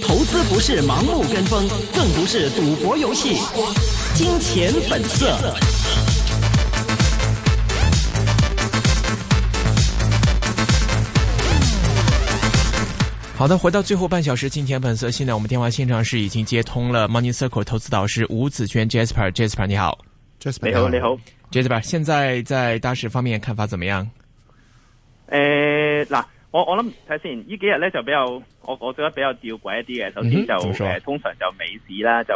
投資不是盲目跟風，更不是賭博遊戲。金錢本色。好的，回到最後半小時，金錢本色。現在我們電話現場是已經接通了。Money Circle 投資導師吳子軒，Jasper，Jasper，Jas 你好，Jasper，你好，Jasper，Jas 現在在大事方面看法怎麼樣？呃，那。我我諗睇先，呢幾日咧，就比較，我我覺得比較吊詭一啲嘅。首先就誒、嗯哼呃，通常就美市啦，就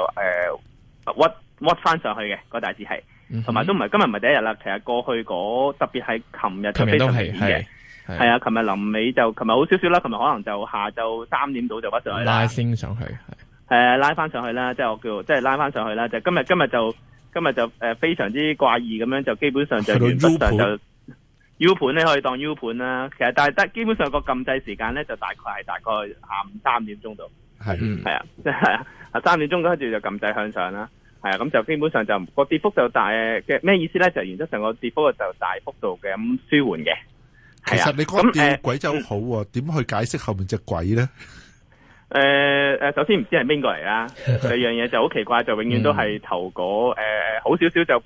誒，屈屈翻上去嘅個大市係，同埋、嗯、哼都唔係今日唔係第一日啦。其實過去嗰特別係琴日就非常之嘅，係啊，琴日臨尾就琴日好少少啦，琴日可能就下晝三點到就屈上嚟拉升上去，誒拉翻上去啦，即係我叫即係拉翻上去啦。即今日今日就今日今日就今日就誒非常之怪異咁樣，就基本上就連不上就。U 盤咧可以當 U 盤啦，其實但係得基本上個禁制時間咧就大概係大概下午三點鐘度，係是嗯係啊即係啊，啊三點鐘跟住就禁制向上啦，係啊咁就基本上就、個跌幅就大嘅咩意思咧？就原則成個跌幅就大幅度嘅咁舒緩嘅。啊、其實你講到鬼就好、啊，點、嗯、去解釋後面隻鬼咧？誒誒、呃，首先唔知係邊個嚟啦。 第二樣嘢就好奇怪，就永遠都係頭嗰誒、嗯呃、好少少就誒誒、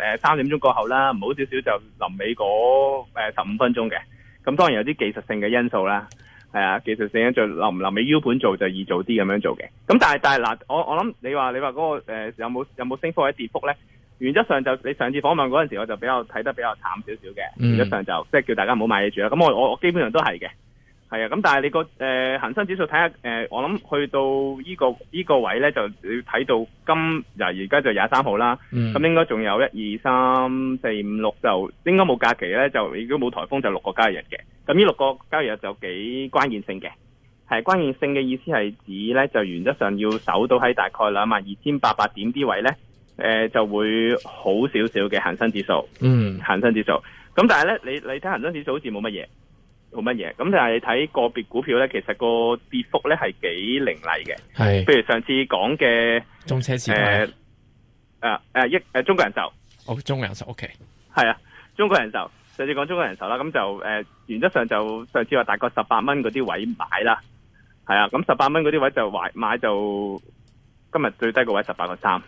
呃、三點鐘過後啦，唔好少少就臨尾嗰誒十五分鐘嘅。咁當然有啲技術性嘅因素啦，係、呃、啊，技術性嘅因素臨唔臨尾 U 盤做就易做啲咁樣做嘅。咁但係但係嗱、呃，我我諗你話你話嗰、那個誒、呃、有冇有冇升幅或者跌幅咧？原則上就你上次訪問嗰陣時，我就比較睇得比較慘少少嘅。嗯、原則上就即係叫大家唔好買嘢住啦。咁我我基本上都係嘅。係啊，咁但係你個誒、呃、恒生指數睇下，誒、呃、我諗去到依、這個依、這個位咧，就要睇到今，誒而家就廿三號啦。咁、嗯、應該仲有一二三四五六，就應該冇假期咧，就如果冇台風，就六個交易日嘅。咁呢六個交易日就幾關鍵性嘅。係關鍵性嘅意思係指咧，就原則上要守到喺大概兩萬二千八百點啲位咧，誒、呃、就會好少少嘅恒生指數。嗯，恒生指數。咁但係咧，你你睇恒生指數好似冇乜嘢。冇乜嘢，咁但係你睇個別股票咧，其實個跌幅咧係幾凌厲嘅。係是，譬如上次講嘅中車市，市誒、呃，誒、啊，一誒，中國人壽，好，中國人壽，OK，係啊，中國人壽、哦 okay 啊，上次講中國人壽啦，咁就誒、呃，原則上就上次話大概十八蚊嗰啲位買啦，係啊，咁十八蚊嗰啲位買就買，買就今日最低個位十八個三，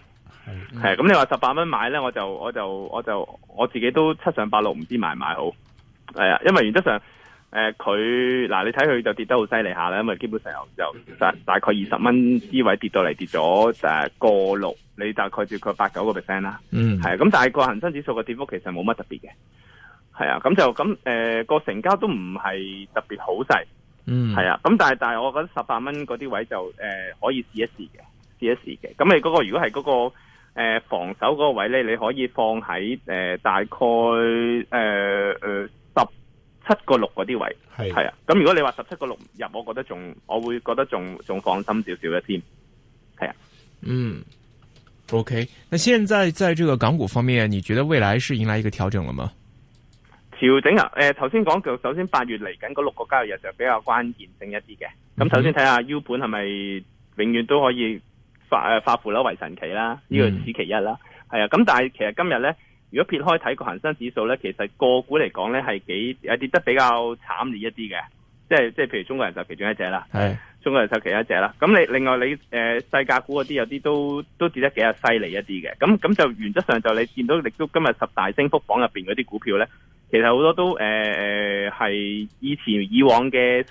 係是，咁、嗯啊、你話十八蚊買咧，我就我就我就我自己都七上八落，唔知買唔買好，係啊，因為原則上。誒，佢嗱、呃，你睇佢就跌得好犀利下啦，因為基本上就大大概二十蚊啲位跌到嚟，跌咗誒過六，你大概跌佢八九個 percent 啦。嗯，係咁但係個恒生指數嘅跌幅其實冇乜特別嘅，係啊，咁就咁誒個成交都唔係特別好細。嗯，係啊，咁但係但係我覺得十八蚊嗰啲位就誒、呃、可以試一試嘅，試一試嘅。咁你嗰個如果係嗰、嗰個誒、呃、防守嗰個位咧，你可以放喺誒、呃、大概誒誒。呃呃七個六嗰啲位係，係啊，咁如果你話十七個六入，我覺得仲我會覺得仲仲放心少少一啲，係啊、嗯，嗯，OK。那現在在這個港股方面，你覺得未來是迎來一個調整了嗎？調整啊，誒、呃，頭先講嘅，首先八月嚟緊嗰六個交易日就比較關鍵性一啲嘅。咁首先睇下 U 盤係咪永遠都可以發誒、呃、發乎啦為神奇啦，呢、呢個是其一啦。係啊、嗯，咁但係其實今日呢。如果撇開睇個恒生指數咧，其實個股嚟講咧係幾誒跌得比較慘烈一啲嘅，即係即係譬如中國人壽其中一隻啦，係是中國人壽其中一隻啦。咁你另外你誒、呃，細價股嗰啲有啲都都跌得幾啊犀利一啲嘅。咁咁就原則上就你見到亦都今日十大升幅榜入邊嗰啲股票咧，其實好多都誒誒係以前以往嘅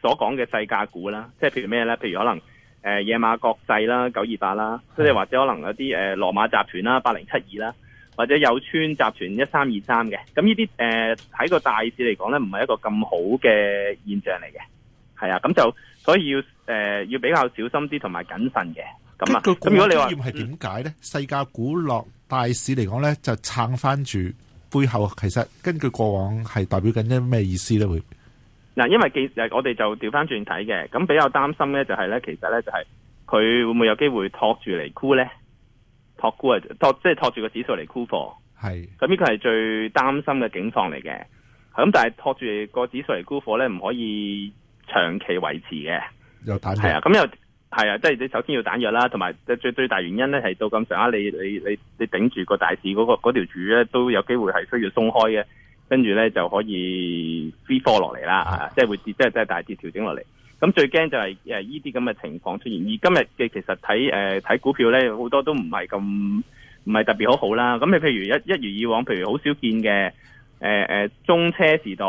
所講嘅細價股啦，即係譬如咩咧？譬如可能誒野馬國際啦，九二八啦，即係是或者可能有啲誒羅馬集團啦，八零七二啦。或者有村集團一三二三嘅，咁呢啲誒喺個大市嚟講咧，唔係一個咁好嘅現象嚟嘅，係啊，咁就所以要誒、呃、要比較小心啲同埋謹慎嘅。咁啊，咁如果你話係點解咧？嗯、世界股落大市嚟講咧，就撐翻住背後，其實根據過往係代表緊啲咩意思咧？會嗱，因為記誒，我哋就調翻轉睇嘅，咁比較擔心咧，就係、是、咧，其實咧就係佢會唔會有機會托住嚟箍咧？托沽啊，托即係托住個指數嚟沽貨，係咁呢個係最擔心嘅境況嚟嘅。咁但係托住個指數嚟沽貨咧，唔可以長期維持嘅，又打弱。咁、啊、又係啊，即係你首先要打藥啦，同埋最最大原因咧係到咁上下，你你你你頂住個大市嗰、那個嗰條柱咧都有機會係需要鬆開嘅，跟住咧就可以 free fall 落嚟啦，啊、即係會跌，即係即係大跌調整落嚟。咁最驚就係誒呢啲咁嘅情況出現，而今日嘅其實睇誒睇股票咧，好多都唔係咁唔係特別好好啦。咁你譬如一一如以往，譬如好少見嘅誒誒中車時代，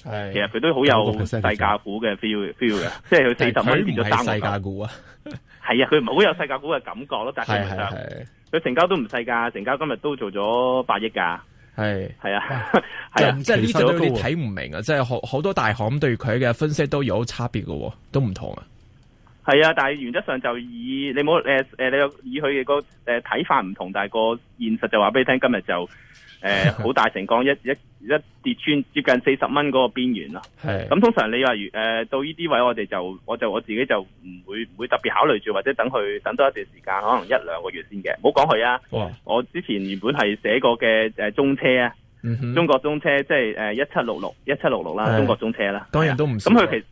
是其實佢都好有細價股嘅 feel feel 嘅，即係佢四十蚊變咗三毫。佢唔係細價股啊？ 係啊，佢唔係好有細價股嘅感覺咯。但實際上佢成交都唔細價，成交今日都做咗八億噶。係係是啊，係 啊，即係呢陣你睇唔明啊，即係好好多大行對佢嘅分析都有差別嘅，都唔同啊。係啊，但係原則上就以你冇誒誒，你，有，呃呃、你有以佢嘅個誒睇法唔同，但係個現實就話俾你聽，今日就。誒，好、 呃、大成光一一一跌穿接近四十蚊嗰個邊緣咯。係咁的，通常你話如誒到呢啲位我，我哋就我就我自己就唔會唔會特別考慮住，或者等佢等多一段時間，可能一兩個月先嘅。唔好講佢啊。哇我之前原本係寫過嘅誒、呃、中車啊，嗯、哼中國中車即係誒一七六六一七六六啦，中國中車啦。當然都唔咁佢其實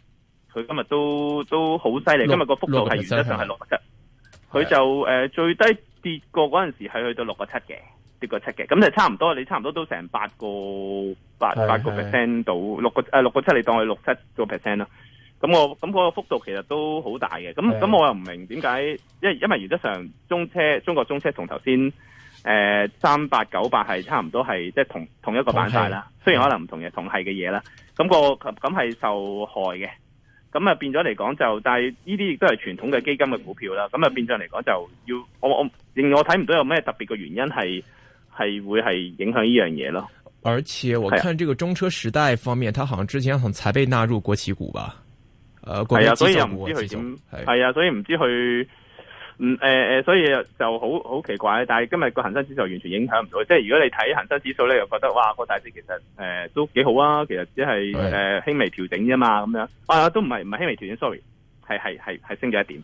佢今日都都好犀利，今日個幅度係原則上係六個七。佢就誒、呃、最低跌過嗰陣時係去到六個七嘅。跌個七嘅，咁就差唔多，你差唔多都成八個八八是是 個 percent 到六個誒六個七，你當佢六七個 percent 啦。咁我咁個、那個幅度其實都好大嘅。咁咁是是 我又唔明點解？因為因為原則上中車中國中車、呃、3, 8, 9, 8同頭先誒三八九八係差唔多係即係同同一個板塊啦。係雖然可能唔同嘢是的 同係嘅嘢啦。咁、那個咁係受害嘅。咁啊變咗嚟講就，但係呢啲亦都係傳統嘅基金嘅股票啦。咁啊變咗嚟講就要我我認我睇唔到有咩特別嘅原因係。係會係影響呢樣嘢咯，而且我看這個中車時代方面，啊、它好像之前好像才被納入國企股吧，誒、呃啊，所以又唔知佢點，係啊，所以唔知佢，誒誒、啊呃，所以就好好奇怪。但係今日個恒生指數完全影響唔到，即係如果你睇恒生指數咧，又覺得哇個大市其實誒、呃、都幾好啊，其實只係誒輕微調整啫嘛，咁樣啊都唔係唔係輕微調整，Sorry。係係係係升咗一點，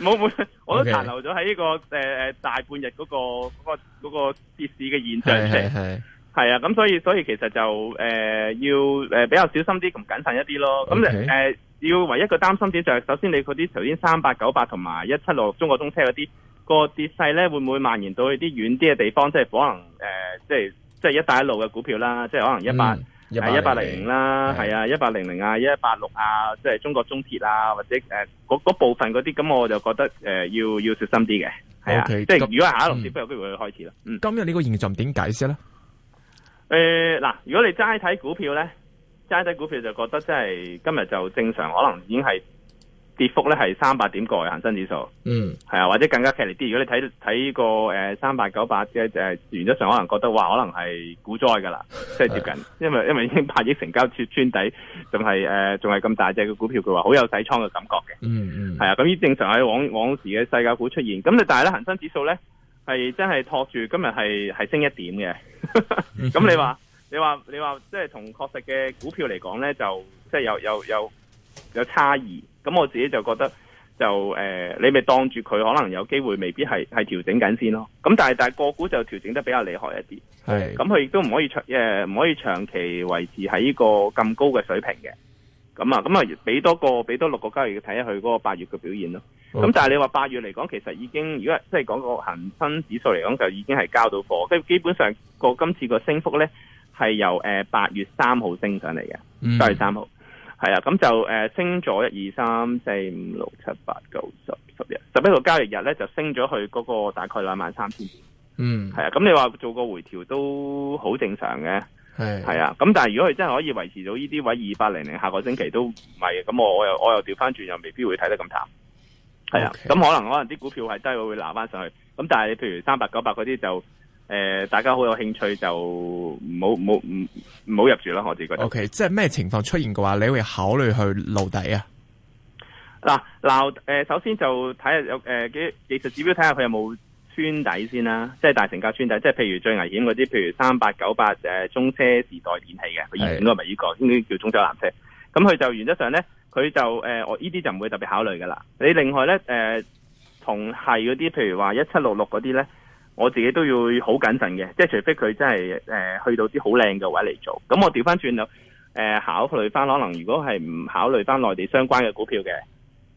冇冇 我都殘留咗喺呢個誒誒、呃、大半日嗰、那個嗰、那個嗰、那個跌市嘅現象上，係係係啊，咁是是所以所以其實就誒、呃、要誒、呃、比較小心啲咁謹慎一啲咯，咁誒 Okay?、呃、要唯一,一個擔心點就係，首先你嗰啲頭先三八九八同埋一七六中國中車嗰啲、那個跌勢咧，會唔會蔓延到去啲遠啲嘅地方，即係可能誒、呃、即係即係一帶一路嘅股票啦，即係可能一百、嗯。誒一八零零啦，係啊，一八零零啊，一一八六啊，即係中國中鐵啊，或者誒嗰、呃、部分嗰啲，咁我就覺得誒、呃、要要小心啲嘅，係啊，即係如果是下一浪跌，都有機會開始啦。嗯，今日呢個現象點解釋咧？誒嗱、呃，如果你齋睇股票咧，齋睇股票就覺得即係今日就正常，可能已經係。跌幅咧係三百點過嘅恒生指數，嗯，係啊，或者更加劇烈啲。如果你睇睇個誒三百、九百嘅誒，原則上可能覺得哇，可能係股災噶啦，即、就、係、是、接近，的因為因為已經百億成交穿穿底，仲係誒仲係咁大隻嘅股票，佢話好有洗倉嘅感覺嘅、嗯，嗯嗯，係啊。咁呢正常喺往往時嘅世界股出現，咁但係咧恒生指數咧係真係托住今日係係升一點嘅，咁 你話說、嗯、哼你話你話即係同確實嘅股票嚟講咧，就即係、就是、有有有有差異。咁我自己就覺得，就誒、呃，你咪當住佢可能有機會，未必係係調整緊先咯。咁但係但係個股就調整得比較厲害一啲。係是，咁佢亦都唔可以長，誒唔可以長期維持喺個咁高嘅水平嘅。咁啊，咁啊，俾多個，俾多六個交易月睇下佢嗰個八月嘅表現咯。咁好但係你話八月嚟講，其實已經如果即係講個恒生指數嚟講，就已經係交到貨，即係基本上個今次個升幅咧係由誒八月三號升上嚟嘅，嗯、八月三號。係啊，咁就誒、呃、升咗一二三四五六七八九十十一，十一個交易日咧就升咗去嗰個大概兩萬三千。嗯，係啊，咁你話做個回調都好正常嘅。係，係啊，咁但係如果佢真係可以維持到呢啲位二百零零，0, 0, 下個星期都唔係，咁我我又我又調翻轉又未必會睇得咁淡。係啊，咁 Okay、嗯、可能可能啲股票係真係會會拉翻上去，咁但係你譬如三百九百嗰啲就。誒、呃，大家好有興趣就唔好唔好唔唔好入住啦，我自己覺得。O、okay, K，即係咩情況出現嘅話，你會考慮去露底啊？嗱嗱、啊，誒、呃，首先就睇下有誒嘅技術指標睇下佢有冇穿底先啦、啊。即係大成交穿底，即係譬如最危險嗰啲，譬如三八九八誒，中車時代電器嘅，佢以前都係呢個？是應該叫中洲藍車。咁佢就原則上咧，佢就誒、呃，我呢啲就唔會特別考慮噶啦。你另外咧，誒、呃，同係嗰啲，譬如話一七六六嗰啲咧。我自己都要好謹慎嘅，即係除非佢真係誒、呃、去到啲好靚嘅位嚟做，咁我調翻轉頭誒考慮翻，可能如果係唔考慮翻內地相關嘅股票嘅，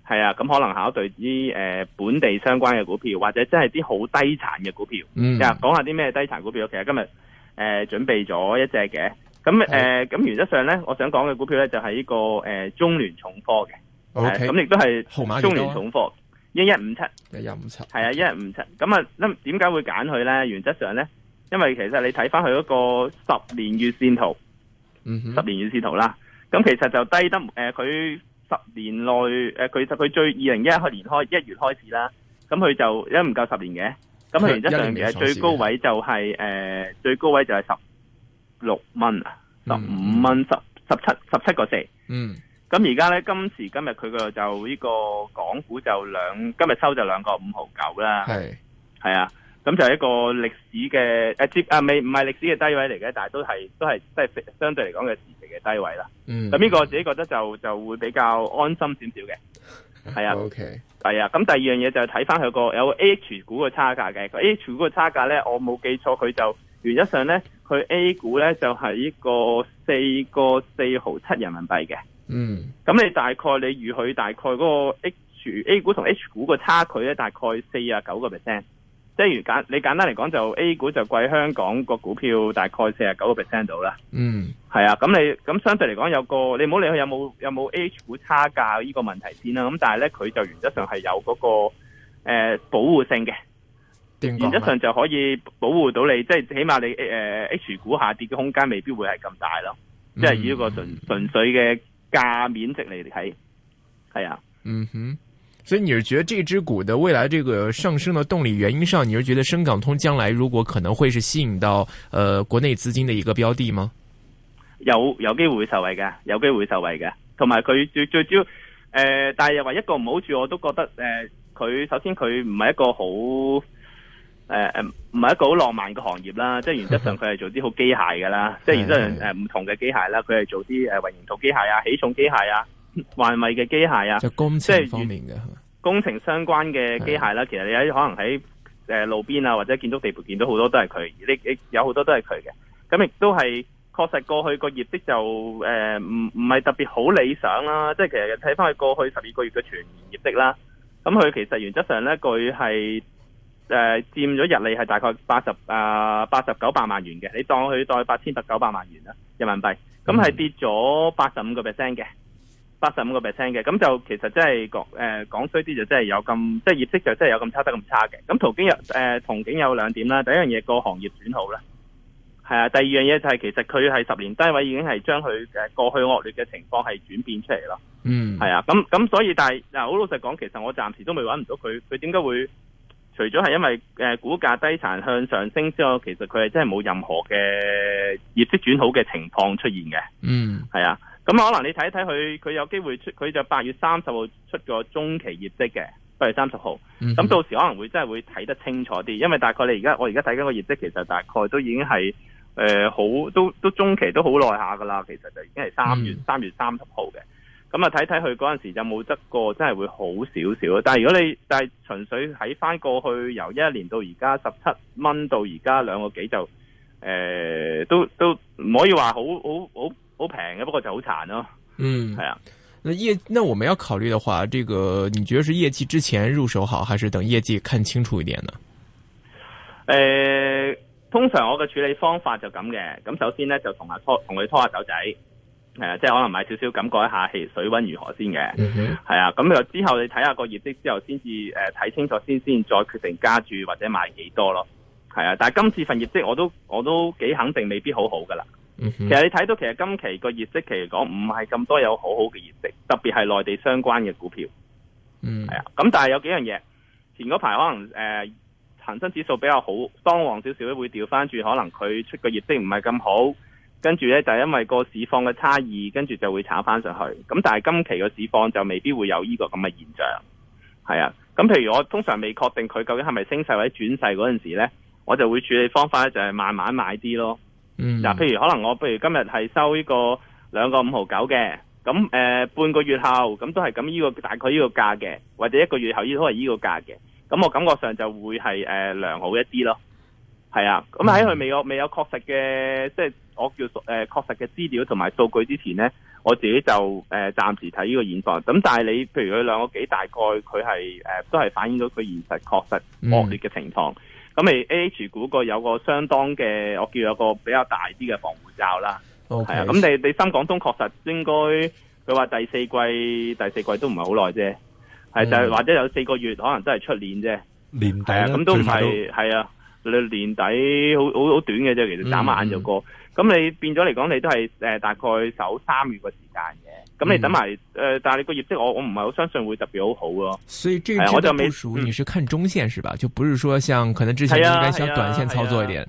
係啊，咁可能考慮啲誒、呃、本地相關嘅股票，或者真係啲好低殘嘅股票。嗯，講下啲咩低殘股票？其實今日誒、呃、準備咗一隻嘅，咁誒咁原則上咧，我想講嘅股票咧就係呢個誒、呃、中聯重科嘅。O K，咁亦都係中聯重科。一一五七，一一五七，係啊一一五七，咁啊，咁點解會揀佢呢？原則上呢，因為其實你睇翻佢嗰個十年月綫圖，嗯、哼十年月綫圖啦，咁其實就低得誒，佢、呃、十年內誒，佢、呃、佢最二零一一年開一月開始啦，咁佢就一唔夠十年嘅，咁佢原則上嘅最高位就係、是、誒、嗯呃，最高位就係十六蚊，十五蚊十十七十七個四，嗯。10, 17, 17. 咁而家咧，今時今日佢個就呢個港股就兩，今日收就兩個五毫九啦。係係是啊，咁就一個歷史嘅誒、接、欸、啊未唔係歷史嘅低位嚟嘅，但係都係都係即係相對嚟講嘅時期嘅低位啦。嗯，咁呢個我自己覺得就就會比較安心少少嘅。係啊，OK，係啊。咁 Okay、啊、第二樣嘢就睇翻佢個有 A H 股嘅差價嘅 A H 股嘅差價咧，我冇記錯，佢就原則上咧，佢 A 股咧就係、是、呢個四個四毫七人民幣嘅。嗯，咁你大概你與佢大概嗰個 H A 股同 H 股個差距咧，大概四十九個 percent。即係如簡你簡單嚟講，就 A 股就貴香港個股票大概四十九個 percent 到啦。嗯，係啊，咁你咁相對嚟講有個你唔好理佢有冇有冇 H 股差價呢個問題先啦。咁但係咧佢就原則上係有嗰、嗰個誒、呃、保護性嘅，定格 原則上就可以保護到你，麼即係起碼你誒、呃、H 股下跌嘅空間未必會係咁大咯。嗯、即係以呢個純純、嗯、粹嘅。價面值嚟睇，係啊，嗯哼，所以你是覺得這隻股的未來這個上升的動力原因上，你是覺得深港通將來如果可能會是吸引到，呃，國內資金的一個標的嗎？有有機會受惠嘅，有機會受惠嘅，同埋佢最最主要。誒、呃，但係又話一個唔好處，我都覺得，誒、呃，佢首先佢唔係一個好。誒誒，唔係、呃、一個好浪漫嘅行業啦，即係原則上佢係做啲好機械㗎啦， 即係原則上誒唔同嘅機械啦，佢係做啲誒混凝土機械啊、起重機械啊、環衛嘅機械啊，就工程方面嘅，工程相關嘅機械啦。 其實你喺可能喺誒路邊啊，或者建築地盤見到好多都係佢，你有好多都係佢嘅。咁亦都係確實過去個業績就誒唔唔係特別好理想啦。即係其實睇翻佢過去十二個月嘅全年業績啦，咁佢其實原則上咧佢係。他是誒，佔咗、呃、日利係大概八十誒八十九百萬元嘅，你當佢當八千八九百萬元啦，人民幣，咁係跌咗八十五個 percent 嘅，八十五個 percent 嘅，咁就其實真係講誒講衰啲就真、是、係、呃、有咁，即、就、係、是、業績就真係有咁差得咁差嘅。咁途經有誒同景有兩、呃、點啦，第一樣嘢個行業轉好啦，係啊，第二樣嘢就係、是、其實佢係十年低位已經係將佢誒過去惡劣嘅情況係轉變出嚟咯。嗯，係啊，咁咁所以但係嗱好老實講，其實我暫時都未搵唔到佢，佢點解會？除咗係因為誒股價低殘向上升之外，其實佢係真係冇任何嘅業績轉好嘅情況出現嘅、嗯。嗯，係啊、嗯。咁可能你睇一睇佢，佢有機會出，佢就八月三十號出個中期業績嘅。八月三十號。咁、嗯嗯、到時可能會真係會睇得清楚啲，因為大概你而家我而家睇緊個業績，其實大概都已經係誒、呃、好都都中期都好耐下噶啦，其實就已經係三月三、嗯、月三十號嘅。咁啊，睇睇佢嗰陣時有冇得過，真係會好少少咯。但係如果你但係純粹喺翻過去，由一一年到而家十七蚊到而家兩個幾，就誒、呃、都都唔可以話好好好好平嘅，不過就好殘咯。嗯，係啊。那業，那我們要考慮的話，這個你覺得是業績之前入手好，還是等業績看清楚一點呢？誒、呃，通常我嘅處理方法就咁嘅。咁首先呢，就同阿拖同佢拖下手仔。係啊、呃，即係可能買少少，感覺一下係水溫如何先嘅。係、嗯、哼啊，咁又之後你睇下個業績之後，先至誒睇清楚先，先先再決定加注或者買幾多咯。係啊，但係今次份業績，我都我都幾肯定，未必好好㗎喇。嗯、哼其實你睇到，其實今期個業績其實講，唔係咁多有好好嘅業績，特別係內地相關嘅股票。係、嗯、啊，咁但係有幾樣嘢，前嗰排可能誒、呃、恒生指數比較好，當旺少少會調翻轉，可能佢出個業績唔係咁好。跟住呢，就係、因為個市況嘅差異，跟住就會炒翻上去。咁但係今期個市況就未必會有呢個咁嘅現象。係啊，咁譬如我通常未確定佢究竟係咪升勢或者轉勢嗰陣時呢，我就會處理方法呢就係慢慢買啲咯。嗯，嗱，譬如可能我譬如今日係收呢個兩個五毫九嘅，咁誒、呃、半個月後咁都係咁呢個大概呢個價嘅，或者一個月後亦都係呢個價嘅，咁我感覺上就會係誒、呃、良好一啲咯。係啊，咁喺佢未有未有確實嘅即係。嗯我叫誒、呃、確實嘅資料同埋數據之前咧，我自己就誒、呃、暫時睇呢個現狀。咁但係你譬如佢兩個幾大概，佢係誒都係反映到佢現實確實惡劣嘅情況。咁你 A H 股個有個相當嘅，我叫有個比較大啲嘅防護罩啦。係 Okay, 啊，咁你你深廣東確實應該佢話第四季第四季都唔係好耐啫，係、嗯、就係或者有四個月可能都係出年啫，年底咁都唔係係啊。你年底好好好短嘅啫，其實眨下眼就過。咁、嗯嗯、你變咗嚟講，你都係誒、呃、大概守三月嘅時間嘅。咁、嗯、你等埋誒、呃，但係你個業績，我我唔係好相信會特別好好咯。所以，這隻股屬你是看中線是吧？嗯、就不是說像可能之前應該想短線操作一點。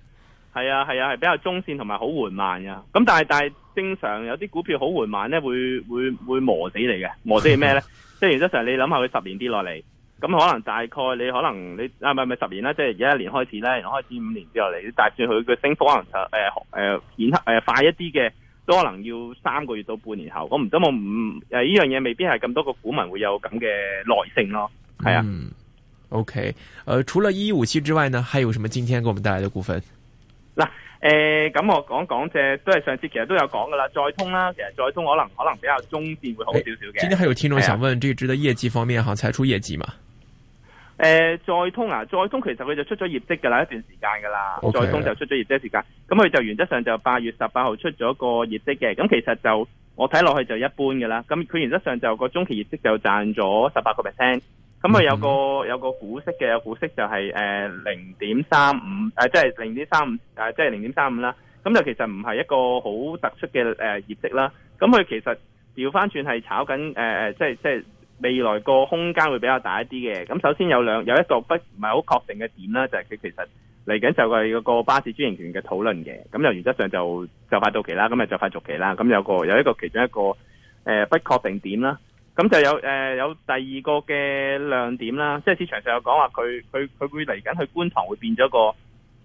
係啊係啊係、啊、比較中線同埋好緩慢啊。咁但係但係正常有啲股票好緩慢咧，會會會磨死你嘅。磨死係咩咧？ 即係原則上你諗下佢十年跌落嚟。咁可能大概你可能你啊係十年啦，即係而家一年開始咧，開始五年之後嚟，你大算佢嘅升幅可能就誒誒，顯誒快一啲嘅，都可能要三個月到半年後。我唔得，我唔誒呢樣嘢，未必係咁多個股民會有咁嘅耐性咯。係啊、嗯、，OK、呃。誒，除咗一五七之外呢，還有什麼？今天給我們帶來的股份？嗱、呃，誒、呃，咁、嗯、我講講嘅都係上次其實都有講噶啦。再通啦，其實再通可能可能比較中線會好少少嘅。今天還有聽眾想問、啊、這支的業績方面，好像，才出業績嘛？誒，再、呃、通啊，再通其實佢就出咗業績噶啦，一段時間噶啦，再 Okay. 通就出咗業績時間，咁佢就原則上就八月十八號出咗個業績嘅，咁其實就我睇落去就一般噶啦，咁佢原則上就個中期業績就賺咗十八個 percent，咁佢有個、嗯、有個股息嘅股息就係誒零點三五誒，即係零點三五誒，即係零點三五啦，咁、就是呃就是呃就是、就其實唔係一個好突出嘅誒、呃、業績啦，咁佢其實調翻轉係炒緊誒誒，即係即係。就是未來個空間會比較大一啲嘅，咁首先有兩有一個不唔係好確定嘅點啦，就係、是、佢其實嚟緊就係個巴士專營權嘅討論嘅，咁就原則上就就快到期啦，咁咪就快續期啦，咁有個有一個其中一個誒、呃、不確定點啦，咁就有誒、呃、有第二個嘅亮點啦，即係市場上有講話佢佢佢會嚟緊去觀塘會變咗個誒、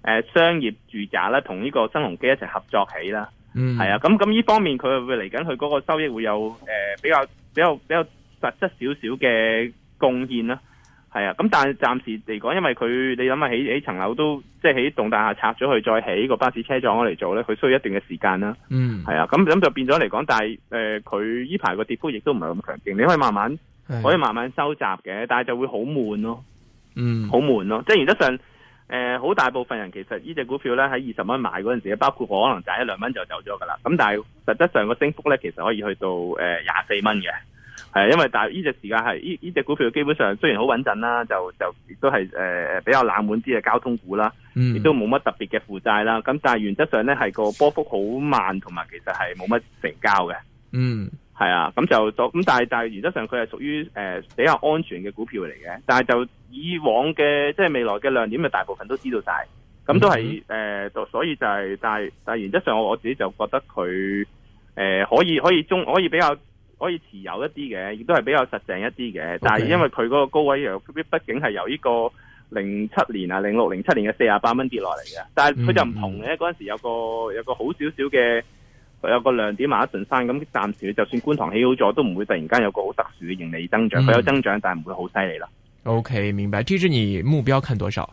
呃、商業住宅啦，同呢個新鴻基一齊合作起啦，嗯，係啊，咁咁呢方面佢會嚟緊佢嗰個收益會有誒比較比較比較。比較比較實質少少嘅貢獻啦，係啊，咁但係暫時嚟講，因為佢你諗下起起層樓都即係起棟大廈拆咗佢，再起個巴士車廠嚟做呢，佢需要一段嘅時間啦。嗯，係啊，咁咁就變咗嚟講，但係佢呢排個跌幅亦都唔係咁強勁，你可以慢慢的可以慢慢收集嘅，但係就會好悶咯。嗯，好悶咯，即係原則上誒，好、呃、大部分人其實呢隻股票呢，喺二十蚊買嗰陣時，包括可能賺一兩蚊就走咗㗎啦。咁但係實質上個升幅呢，其實可以去到誒廿四蚊嘅。呃係，因為但係呢隻時間係，呢呢隻股票基本上雖然好穩陣啦，就就亦都係誒、呃、比較冷門啲嘅交通股啦，亦都冇乜特別嘅負債啦。咁但係原則上咧係個波幅好慢，同埋其實係冇乜成交嘅。嗯，係啊，咁就咁，但係但係原則上佢係屬於誒比較安全嘅股票嚟嘅。但係就以往嘅即係未來嘅亮點，咪大部分都知道晒。咁都係誒、嗯哼呃，所以就係、是，但係但係原則上我我自己就覺得佢誒、呃、可以可以中可以比較。可以持有一啲嘅，亦都係比較實淨一啲嘅。但係因為佢嗰個高位藥，Okay. 畢竟係由呢個零七年啊、零六、零七年嘅四十八蚊跌落嚟嘅。但係佢就唔同嘅，嗰陣、嗯、時候有個有個好少少嘅有個亮點，馬一順山咁。暫時就算觀塘起好咗，都唔會突然間有個好特殊嘅盈利增長。佢、嗯、有增長，但係唔會好犀利啦。OK，明白。這是你目標看多少？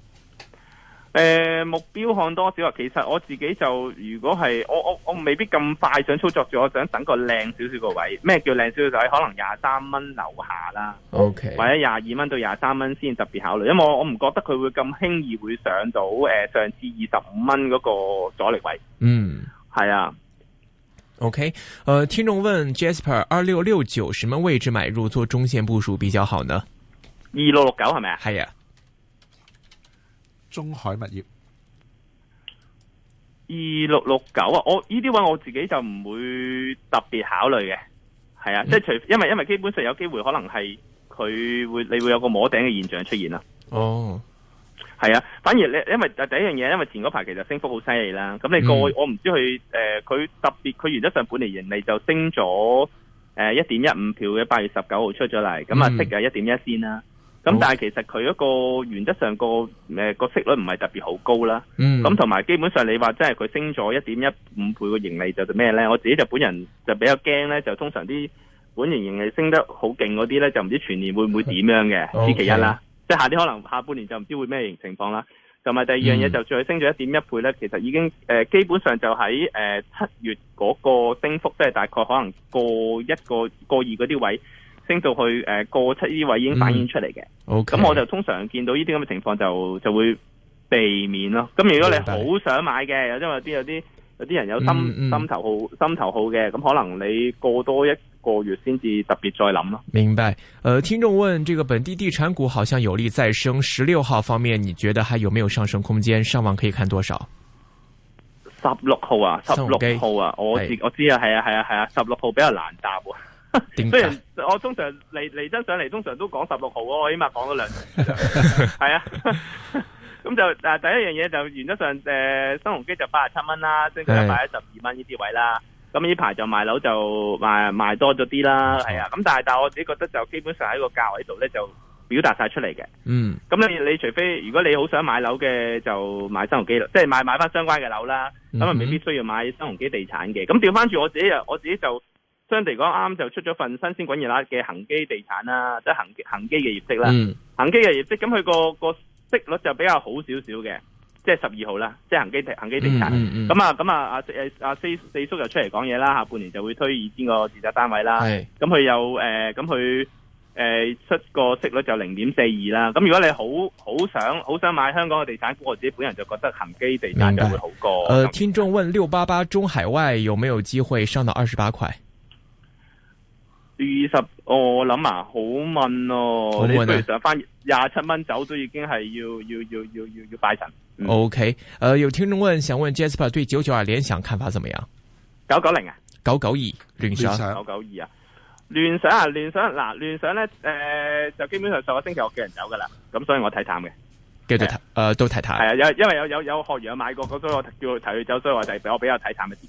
誒，目標看多少啊？其實我自己就，如果係我我我未必咁快想操作住，我想等個靚少少個位。咩叫靚少少位？可能廿三蚊樓下啦，Okay. 或者廿二蚊到廿三蚊先特別考慮，因為我我唔覺得佢會咁輕易會上到誒、呃、上次二十五蚊嗰個阻力位。嗯，係啊。OK，誒、呃，聽眾問 Jasper 二六六九什麼位置買入做中線部署比較好呢？二六六九係咪啊？係啊。中海物業二六六九啊！69, 我呢啲位我自己就唔會特別考慮嘅。係啊，即係除因為因為基本上有機會可能係佢會你會有個摸頂嘅現象出現啦。哦，係啊，反而你因為第一樣嘢，因為前嗰排其實升幅好犀利啦。咁你個、嗯、我唔知佢誒，佢、呃、特別佢原則上本嚟盈利就升咗誒一點一五票嘅八月十九號出咗嚟，咁啊即係一點一先啦。咁、嗯、但係其實佢一個原則上個誒個息率唔係特別好高啦，咁同埋基本上你話即係佢升咗一點一五倍個盈利就咩咧？我自己就本人就比較驚咧，就通常啲本營盈利升得好勁嗰啲咧，就唔知全年會唔會點樣嘅？是 Okay, 其，其一啦，okay, 即係下啲可能下半年就唔知會咩情況啦。同埋第二樣嘢、嗯、就算佢升咗一點一倍咧，其實已經誒、呃、基本上就喺誒七月嗰個升幅即係、就是、大概可能過一個過二嗰啲位。升到去誒、呃，過七呢位已經反映出嚟嘅。咁、嗯 okay, 我就通常見到呢啲咁嘅情況就就會避免咯。咁如果你好想買嘅，明白，有因為啲有啲有啲人有心，嗯嗯、心頭好心頭好嘅，咁可能你過多一個月先至特別再諗咯。明白。誒、呃，聽眾問：這個本地地產股好像有利再升，十六號方面你覺得還有沒有上升空間？上網可以看多少？十六號啊，十六號啊，我知我知啊，係啊係啊係啊，十六號比較難答。雖然我通常嚟嚟真上嚟，通常都講十六號，我起碼講咗兩，係 啊，咁就誒第一樣嘢就原則上誒、呃、新鴻基就八十七蚊啦，升咗十二蚊呢啲位啦。咁呢排就賣樓就賣賣多咗啲啦，係錯啊。咁但係但係我自己覺得就基本上喺個價位度咧就表達晒出嚟嘅。嗯。咁你，你除非如果你好想買樓嘅，就買新鴻基樓啦，即係買買翻相關嘅樓啦。咁啊，未必需要買新鴻基地產嘅。咁調翻住我自己啊，我自己就。相對嚟講，啱啱就出咗份新鮮滾熱辣嘅恒基地產啦，即係恒基恒基嘅業績啦，恒基嘅業績，咁佢個個息率就比較好少少嘅，即係十二號啦，即係恒基恒基地產，咁、嗯嗯、啊咁啊阿阿四四叔又出嚟講嘢啦，下半年就會推二千個住宅單位啦，咁佢又誒咁佢誒出個息率就零點四二啦，咁如果你好好想好想買香港嘅地產股，我自己本人就覺得恒基地產就會好過。誒、呃，聽眾問六八八中海外有沒有機會上到二十八塊？二十、哦，我諗啊，好悶咯。你不如上翻廿七蚊走，都已經係要要要要要要拜神。O K，誒，有聽眾問，想問 Jasper 對九九二聯想看法怎麼樣？九九零啊，九九二聯想，九九二啊，聯想啊，聯想嗱，聯想咧，誒、呃，就基本上上個星期我叫人走噶啦，咁所以我睇淡嘅，繼續睇，誒的、呃，都睇淡。係啊，因為因為有有有學員有買過，咁所以我叫佢睇佢走，所以我就係比我比較睇淡一啲。